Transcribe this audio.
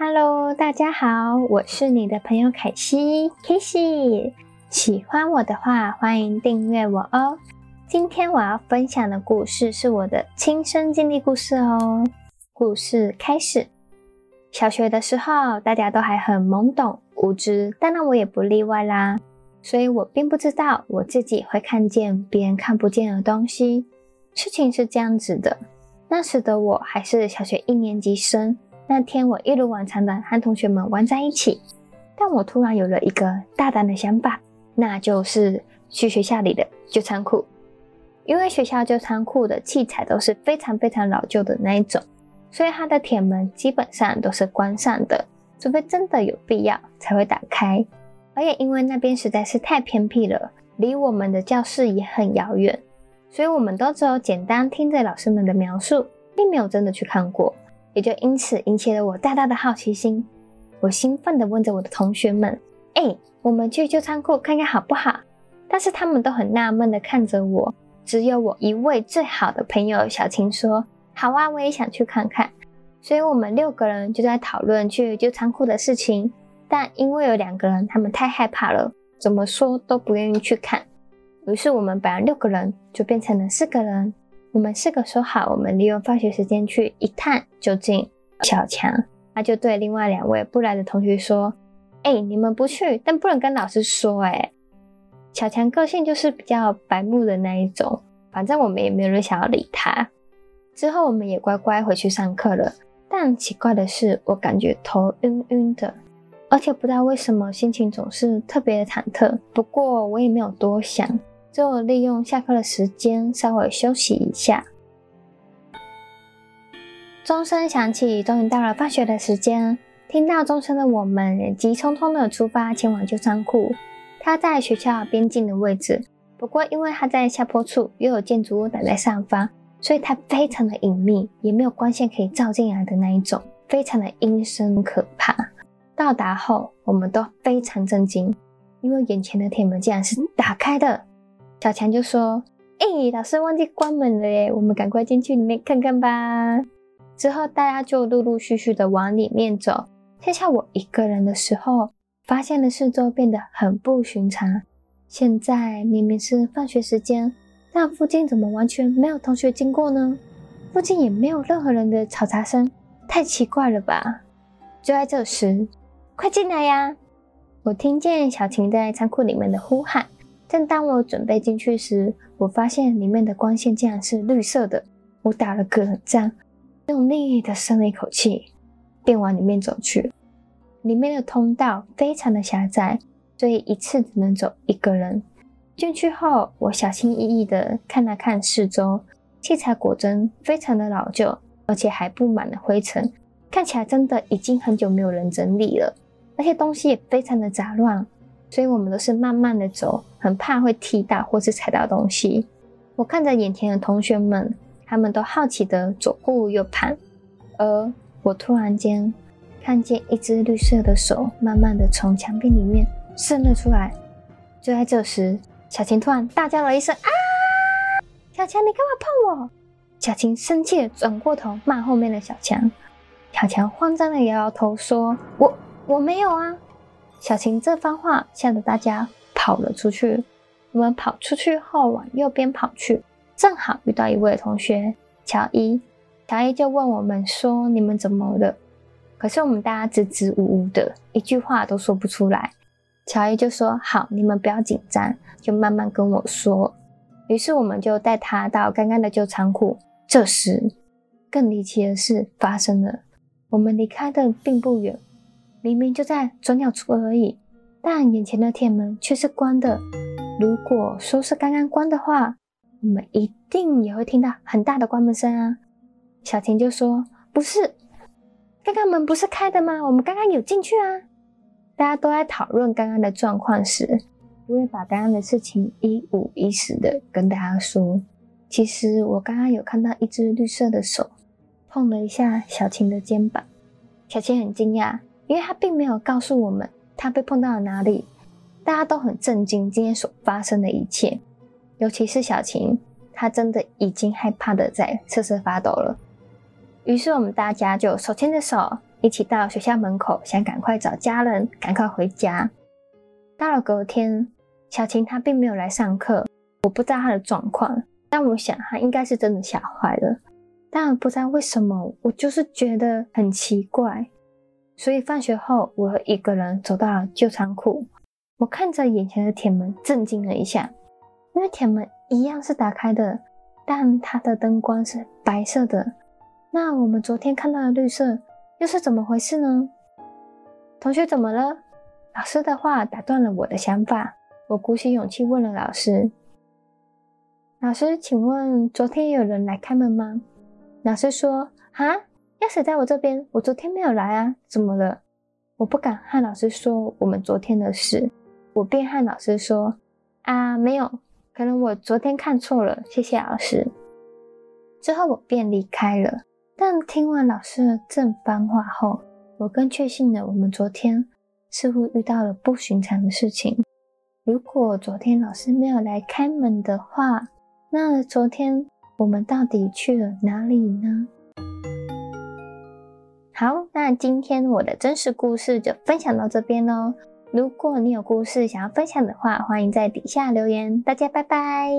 Hello，大家好，我是你的朋友凱西，Kissy。喜歡我的話，歡迎訂閱我哦。今天我要分享的故事是我的親身經歷故事哦。故事開始，小學的時候，大家都還很懵懂無知，當然我也不例外啦。所以我並不知道我自己會看見別人看不見的東西。事情是這樣子的，那時的我還是小學一年級生。那天我一如往常的和同學們玩在一起，但我突然有了一個大膽的想法，那就是去學校裡的舊倉庫。因為學校舊倉庫的器材都是非常非常老舊的那一種，所以它的鐵門基本上都是關上的，除非真的有必要才會打開。而且因為那邊實在是太偏僻了，離我們的教室也很遙遠，所以我們都只有簡單聽着老師們的描述，並沒有真的去看過。也就因此引起了我大大的好奇心，我興奮地問着我的同學們：“哎、欸，我們去舊倉庫看看好不好？”但是他們都很納悶地看着我，只有我一位最好的朋友小琴說：“好啊，我也想去看看。”所以我們六個人就在討論去舊倉庫的事情，但因為有兩個人他們太害怕了，怎麼說都不願意去看，於是我們本來六個人就變成了四個人。我們四個說好，我們利用放學時間去一探究竟。小強他就對另外兩位不來的同學說：“哎、欸，你們不去，但不能跟老師說。”哎，小強個性就是比較白目的那一種，反正我們也沒有人想要理他。之後我們也乖乖回去上課了。但奇怪的是，我感覺頭暈暈的，而且不知道為什麼心情總是特別的忐忑。不過我也沒有多想。就利用下課的時間稍微休息一下。鐘聲響起，終於到了放學的時間。聽到鐘聲的我們急匆匆的出發前往舊倉庫。他在學校邊境的位置，不過因為他在下坡處，又有建築物擋在上方，所以他非常的隱秘，也沒有光線可以照進來的那一種，非常的陰森可怕。到達後，我們都非常震驚，因為眼前的鐵門竟然是打開的。小強就說：“誒，欸，老師忘記關門了耶，我們趕快進去裡面看看吧。”之後大家就陸陸續續的往裡面走，剩下我一個人的時候，發現了四周變得很不尋常。現在明明是放學時間，那附近怎麼完全沒有同學經過呢？附近也沒有任何人的嘈雜聲，太奇怪了吧？就在這時，快進來呀！我聽見小晴在倉庫裡面的呼喊。正當我準備進去時，我發現裡面的光線竟然是綠色的。我打了個冷戰，用力地深了一口氣，便往裡面走去。裡面的通道非常的狹窄，所以一次只能走一個人。進去後，我小心翼翼地看了看四周，器材果真非常的老舊，而且還布滿了灰塵，看起來真的已經很久沒有人整理了。那些東西也非常的雜亂。所以我們都是慢慢的走，很怕會踢到或是踩到東西。我看着眼前的同學們，他們都好奇的左顧右盼，而我突然間看見一只綠色的手慢慢的從牆壁裡面伸了出來。就在這時，小琴突然大叫了一聲：“啊！小強，你幹嘛碰我？”小琴生氣的轉過頭罵後面的小強，小強慌張的搖搖頭說：“我我沒有啊。”小晴這番話嚇得大家跑了出去。我們跑出去後往右邊跑去，正好遇到一位同學喬伊。喬伊就問我們說：“你們怎麼了？”可是我們大家支支吾吾的，一句話都說不出來。喬伊就說：“好，你們不要緊張，就慢慢跟我說。”於是我們就帶他到剛剛的舊倉庫。這時，更離奇的事發生了。我們離開的並不遠。明明就在轉角處而已，但眼前的鐵門卻是關的。如果說是剛剛關的話，我們一定也會聽到很大的關門聲啊。小琴就說：“不是，剛剛門不是開的嗎？我們剛剛有進去啊。”大家都在討論剛剛的狀況時，我也把剛剛的事情一五一十的跟大家說。其實我剛剛有看到一隻綠色的手碰了一下小琴的肩膀，小琴很驚訝。因為他並沒有告訴我們他被碰到了哪裡，大家都很震驚今天所發生的一切，尤其是小晴，她真的已經害怕的在瑟瑟發抖了。於是我們大家就手牽着手，一起到學校門口，想趕快找家人，趕快回家。到了隔天，小晴她並沒有來上課，我不知道她的狀況，但我想她應該是真的嚇壞了。但我不知道為什麼，我就是覺得很奇怪。所以放學後，我一個人走到了舊倉庫。我看着眼前的鐵門，震驚了一下，因為鐵門一樣是打開的，但它的燈光是白色的。那我們昨天看到的綠色，又是怎麼回事呢？同學怎麼了？老師的話打斷了我的想法。我鼓起勇氣問了老師：“老師，請問昨天有人來開門嗎？”老師說：“啊？”鑰匙在我這邊，我昨天沒有來啊，怎麼了？我不敢和老師說我們昨天的事，我便和老師說：啊，沒有，可能我昨天看錯了。謝謝老師。之後我便離開了。但聽完老師的這番話後，我更確信了我們昨天似乎遇到了不尋常的事情。如果昨天老師沒有來開門的話，那昨天我們到底去了哪裡呢？好，那今天我的真實故事就分享到這邊哦。如果你有故事想要分享的話，歡迎在底下留言。大家拜拜。